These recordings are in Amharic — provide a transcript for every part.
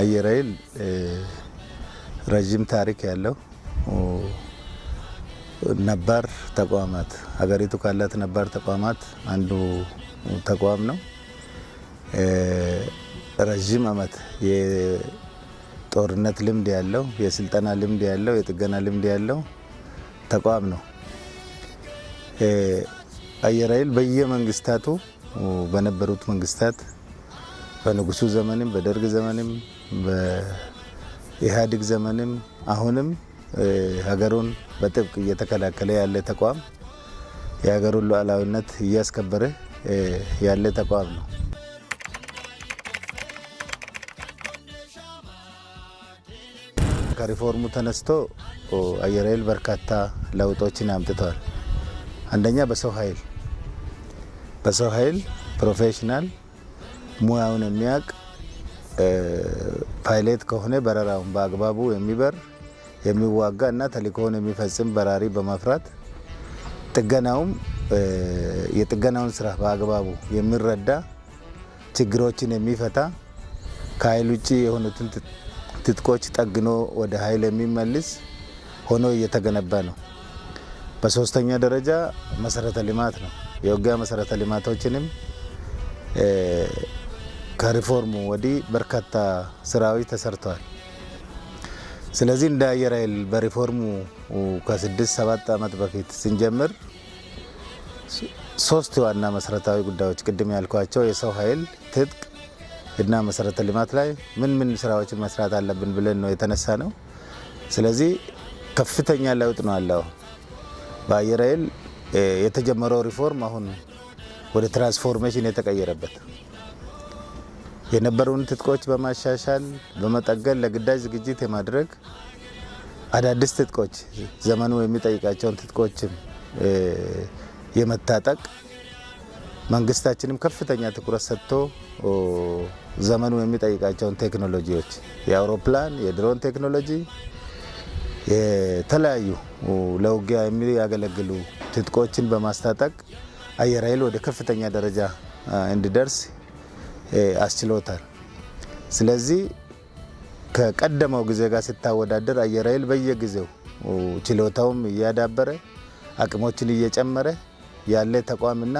አየር ኃይል ረዥም ታሪክ ያለው ነባር ተቋማት ሀገሪቱ ካላት ነባር ተቋማት አንዱ ተቋም ነው። ረዥም ዓመት የጦርነት ልምድ ያለው የስልጠና ልምድ ያለው የጥገና ልምድ ያለው ተቋም ነው። አየር ኃይል በየመንግስታቱ በነበሩት መንግስታት በንጉሱ ዘመንም በደርግ ዘመንም በኢህአዴግ ዘመንም አሁንም ሀገሩን በጥብቅ እየተከላከለ ያለ ተቋም የሀገሩን ሉዓላዊነት እያስከበረ ያለ ተቋም ነው። ከሪፎርሙ ተነስቶ አየር ኃይል በርካታ ለውጦችን አምጥተዋል። አንደኛ በሰው ኃይል በሰው ኃይል ፕሮፌሽናል ሙያውን የሚያውቅ ፓይለት ከሆነ በረራውን በአግባቡ የሚበር የሚዋጋ እና ተልእኮውን የሚፈጽም በራሪ በማፍራት ጥገናውም የጥገናውን ስራ በአግባቡ የሚረዳ ችግሮችን የሚፈታ ከኃይል ውጭ የሆኑትን ትጥቆች ጠግኖ ወደ ኃይል የሚመልስ ሆኖ እየተገነባ ነው። በሶስተኛ ደረጃ መሰረተ ልማት ነው። የውጊያ መሰረተ ልማቶችንም ከሪፎርሙ ወዲህ በርካታ ስራዎች ተሰርተዋል። ስለዚህ እንደ አየር ኃይል በሪፎርሙ ከስድስት ሰባት ዓመት በፊት ስንጀምር ሶስት ዋና መሰረታዊ ጉዳዮች ቅድም ያልኳቸው የሰው ኃይል፣ ትጥቅ እና መሰረተ ልማት ላይ ምን ምን ስራዎችን መስራት አለብን ብለን ነው የተነሳ ነው። ስለዚህ ከፍተኛ ለውጥ ነው አለው። በአየር ኃይል የተጀመረው ሪፎርም አሁን ወደ ትራንስፎርሜሽን የተቀየረበት የነበረውን ትጥቆች በማሻሻል በመጠገን ለግዳጅ ዝግጅት የማድረግ አዳዲስ ትጥቆች ዘመኑ የሚጠይቃቸውን ትጥቆችም የመታጠቅ መንግስታችንም ከፍተኛ ትኩረት ሰጥቶ ዘመኑ የሚጠይቃቸውን ቴክኖሎጂዎች የአውሮፕላን፣ የድሮን ቴክኖሎጂ የተለያዩ ለውጊያ የሚያገለግሉ ትጥቆችን በማስታጠቅ አየር ኃይል ወደ ከፍተኛ ደረጃ እንዲደርስ አስችሎታል። ስለዚህ ከቀደመው ጊዜ ጋር ስታወዳደር አየር ኃይል በየጊዜው ችሎታውም እያዳበረ አቅሞችን እየጨመረ ያለ ተቋምና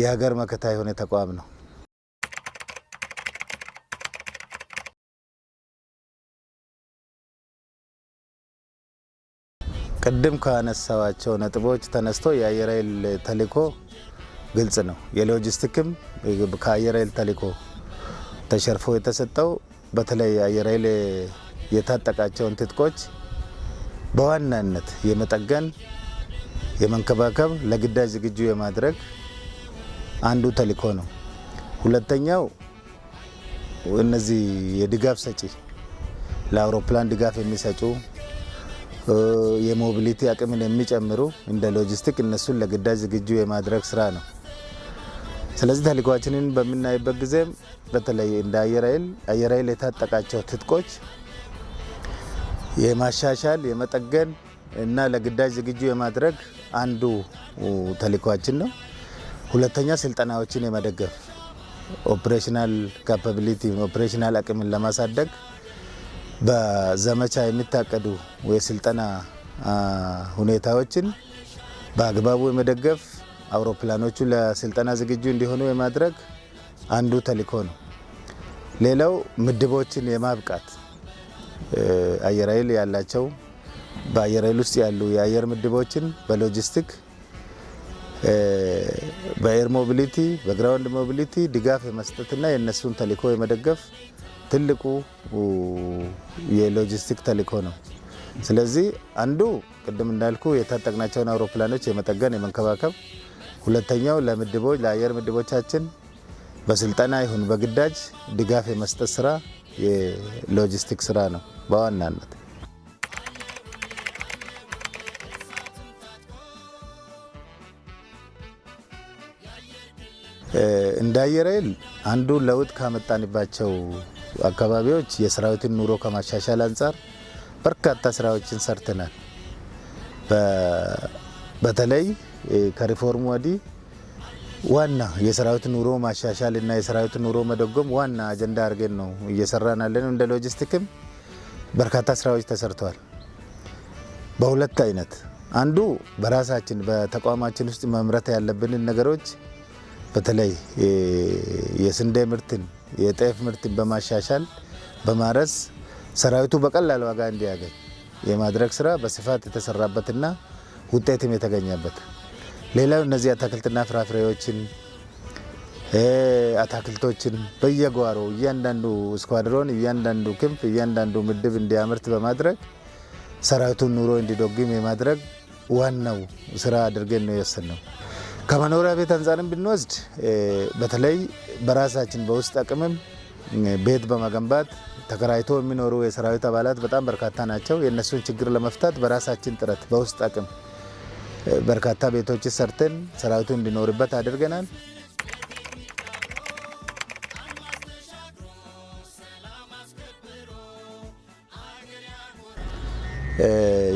የሀገር መከታ የሆነ ተቋም ነው። ቅድም ካነሳዋቸው ነጥቦች ተነስቶ የአየር ኃይል ተልዕኮ ግልጽ ነው። የሎጂስቲክም ከአየር ኃይል ተልዕኮ ተሸርፎ የተሰጠው በተለይ አየር ኃይል የታጠቃቸውን ትጥቆች በዋናነት የመጠገን የመንከባከብ ለግዳጅ ዝግጁ የማድረግ አንዱ ተልዕኮ ነው። ሁለተኛው እነዚህ የድጋፍ ሰጪ ለአውሮፕላን ድጋፍ የሚሰጡ የሞቢሊቲ አቅምን የሚጨምሩ እንደ ሎጂስቲክ እነሱን ለግዳጅ ዝግጁ የማድረግ ስራ ነው። ስለዚህ ተልእኳችንን በምናይበት ጊዜ በተለይ እንደ አየር ኃይል አየር ኃይል የታጠቃቸው ትጥቆች የማሻሻል የመጠገን እና ለግዳጅ ዝግጁ የማድረግ አንዱ ተልእኳችን ነው። ሁለተኛ ስልጠናዎችን የመደገፍ ኦፕሬሽናል ካፓቢሊቲ ኦፕሬሽናል አቅምን ለማሳደግ በዘመቻ የሚታቀዱ የስልጠና ሁኔታዎችን በአግባቡ የመደገፍ አውሮፕላኖቹ ለስልጠና ዝግጁ እንዲሆኑ የማድረግ አንዱ ተልዕኮ ነው። ሌላው ምድቦችን የማብቃት አየር ኃይል ያላቸው በአየር ኃይል ውስጥ ያሉ የአየር ምድቦችን በሎጂስቲክ በኤር ሞቢሊቲ በግራውንድ ሞቢሊቲ ድጋፍ የመስጠትና የእነሱን ተልዕኮ የመደገፍ ትልቁ የሎጂስቲክ ተልዕኮ ነው። ስለዚህ አንዱ ቅድም እንዳልኩ የታጠቅናቸውን አውሮፕላኖች የመጠገን የመንከባከብ ሁለተኛው ለምድቦች ለአየር ምድቦቻችን በስልጠና ይሁን በግዳጅ ድጋፍ የመስጠት ስራ የሎጂስቲክ ስራ ነው በዋናነት። እንደ አየር ኃይል አንዱ ለውጥ ካመጣንባቸው አካባቢዎች የሰራዊትን ኑሮ ከማሻሻል አንጻር በርካታ ስራዎችን ሰርተናል። በተለይ ከሪፎርም ወዲህ ዋና የሰራዊት ኑሮ ማሻሻል እና የሰራዊት ኑሮ መደጎም ዋና አጀንዳ አድርገን ነው እየሰራን ያለን። እንደ ሎጂስቲክም በርካታ ስራዎች ተሰርተዋል። በሁለት አይነት አንዱ በራሳችን በተቋማችን ውስጥ መምረት ያለብንን ነገሮች በተለይ የስንዴ ምርትን የጤፍ ምርትን በማሻሻል በማረስ ሰራዊቱ በቀላል ዋጋ እንዲያገኝ የማድረግ ስራ በስፋት የተሰራበትና ውጤትም የተገኘበት። ሌላው እነዚህ አታክልትና ፍራፍሬዎችን አታክልቶችን በየጓሮ እያንዳንዱ ስኳድሮን፣ እያንዳንዱ ክንፍ፣ እያንዳንዱ ምድብ እንዲያመርት በማድረግ ሰራዊቱን ኑሮ እንዲዶግም የማድረግ ዋናው ስራ አድርገን ነው የወሰንነው። ከመኖሪያ ቤት አንጻርም ብንወስድ በተለይ በራሳችን በውስጥ አቅምም ቤት በመገንባት ተከራይቶ የሚኖሩ የሰራዊት አባላት በጣም በርካታ ናቸው። የእነሱን ችግር ለመፍታት በራሳችን ጥረት በውስጥ አቅም በርካታ ቤቶች ሰርተን ሰራዊቱ እንዲኖርበት አድርገናል።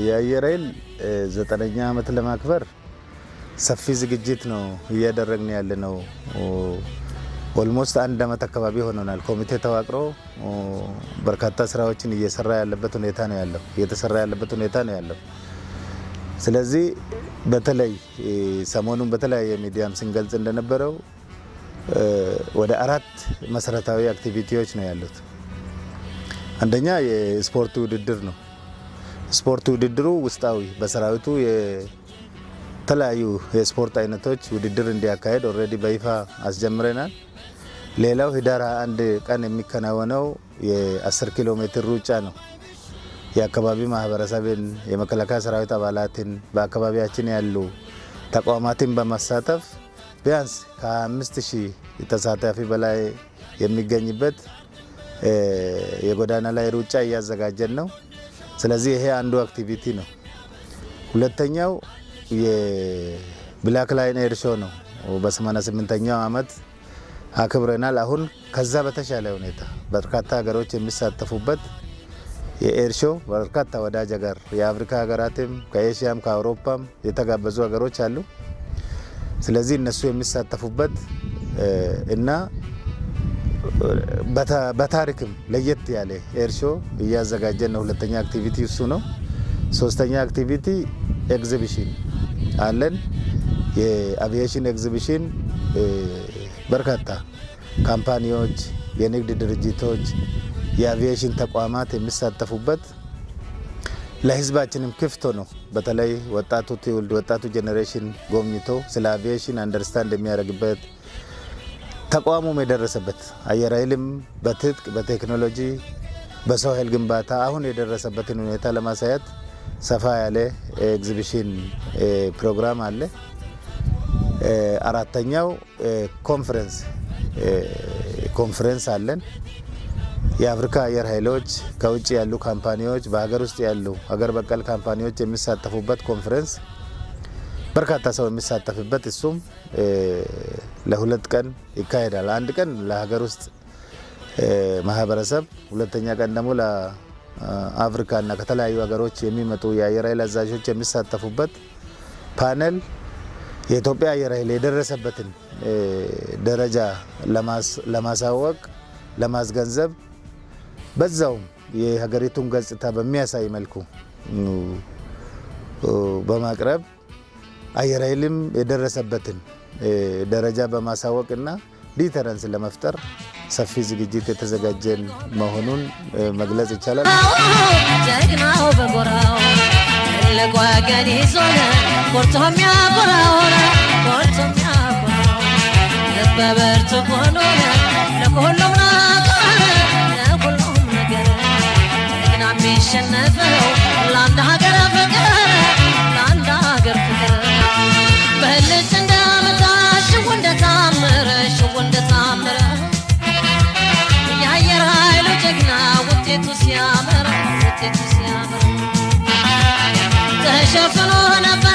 የአየር ኃይል ዘጠነኛ ዓመት ለማክበር ሰፊ ዝግጅት ነው እያደረግን ያለ ነው። ኦልሞስት አንድ ዓመት አካባቢ ሆኖናል። ኮሚቴ ተዋቅሮ በርካታ ስራዎችን እየሰራ ያለበት ሁኔታ ነው ያለው እየተሰራ ያለበት ሁኔታ ነው ያለው። ስለዚህ በተለይ ሰሞኑን በተለያየ ሚዲያም ስንገልጽ እንደነበረው ወደ አራት መሰረታዊ አክቲቪቲዎች ነው ያሉት። አንደኛ የስፖርት ውድድር ነው። ስፖርት ውድድሩ ውስጣዊ በሰራዊቱ የተለያዩ የስፖርት አይነቶች ውድድር እንዲያካሄድ ኦልሬዲ በይፋ አስጀምረናል። ሌላው ህዳር አንድ ቀን የሚከናወነው የ10 ኪሎ ሜትር ሩጫ ነው። የአካባቢ ማህበረሰብን፣ የመከላከያ ሰራዊት አባላትን፣ በአካባቢያችን ያሉ ተቋማትን በማሳተፍ ቢያንስ ከ25 ሺህ ተሳታፊ በላይ የሚገኝበት የጎዳና ላይ ሩጫ እያዘጋጀን ነው። ስለዚህ ይሄ አንዱ አክቲቪቲ ነው። ሁለተኛው የብላክ ላይን ኤርሾ ነው። 88 ዓመት አክብረናል። አሁን ከዛ በተሻለ ሁኔታ በርካታ ሀገሮች የሚሳተፉበት የኤርሾ በርካታ ወዳጅ ሀገር የአፍሪካ ሀገራትም ከኤሽያም ከአውሮፓም የተጋበዙ ሀገሮች አሉ። ስለዚህ እነሱ የሚሳተፉበት እና በታሪክም ለየት ያለ ኤርሾ እያዘጋጀን ነው። ሁለተኛ አክቲቪቲ እሱ ነው። ሶስተኛ አክቲቪቲ ኤግዚቢሽን አለን። የአቪዬሽን ኤግዚቢሽን በርካታ ካምፓኒዎች፣ የንግድ ድርጅቶች የአቪዬሽን ተቋማት የሚሳተፉበት ለህዝባችንም ክፍት ነው በተለይ ወጣቱ ትውልድ ወጣቱ ጄኔሬሽን ጎብኝቶ ስለ አቪዬሽን አንደርስታንድ የሚያደርግበት ተቋሙም የደረሰበት አየር ኃይልም በትጥቅ በቴክኖሎጂ በሰው ኃይል ግንባታ አሁን የደረሰበትን ሁኔታ ለማሳየት ሰፋ ያለ ኤግዚቢሽን ፕሮግራም አለ። አራተኛው ኮንፈረንስ ኮንፈረንስ አለን። የአፍሪካ አየር ኃይሎች ከውጭ ያሉ ካምፓኒዎች፣ በሀገር ውስጥ ያሉ ሀገር በቀል ካምፓኒዎች የሚሳተፉበት ኮንፈረንስ በርካታ ሰው የሚሳተፍበት እሱም ለሁለት ቀን ይካሄዳል። አንድ ቀን ለሀገር ውስጥ ማህበረሰብ፣ ሁለተኛ ቀን ደግሞ ለአፍሪካና ከተለያዩ ሀገሮች የሚመጡ የአየር ኃይል አዛዦች የሚሳተፉበት ፓነል የኢትዮጵያ አየር ኃይል የደረሰበትን ደረጃ ለማሳወቅ፣ ለማስገንዘብ በዛውም የሀገሪቱን ገጽታ በሚያሳይ መልኩ በማቅረብ አየር ኃይልም የደረሰበትን ደረጃ በማሳወቅና ዲተረንስ ለመፍጠር ሰፊ ዝግጅት የተዘጋጀን መሆኑን መግለጽ ይቻላል። ጀግናው በጎራው ለጓገን ይዞነ ቆርቶም ያቆራሆነ ቆርቶም በበርቱ ለሁሉም شفروه نفر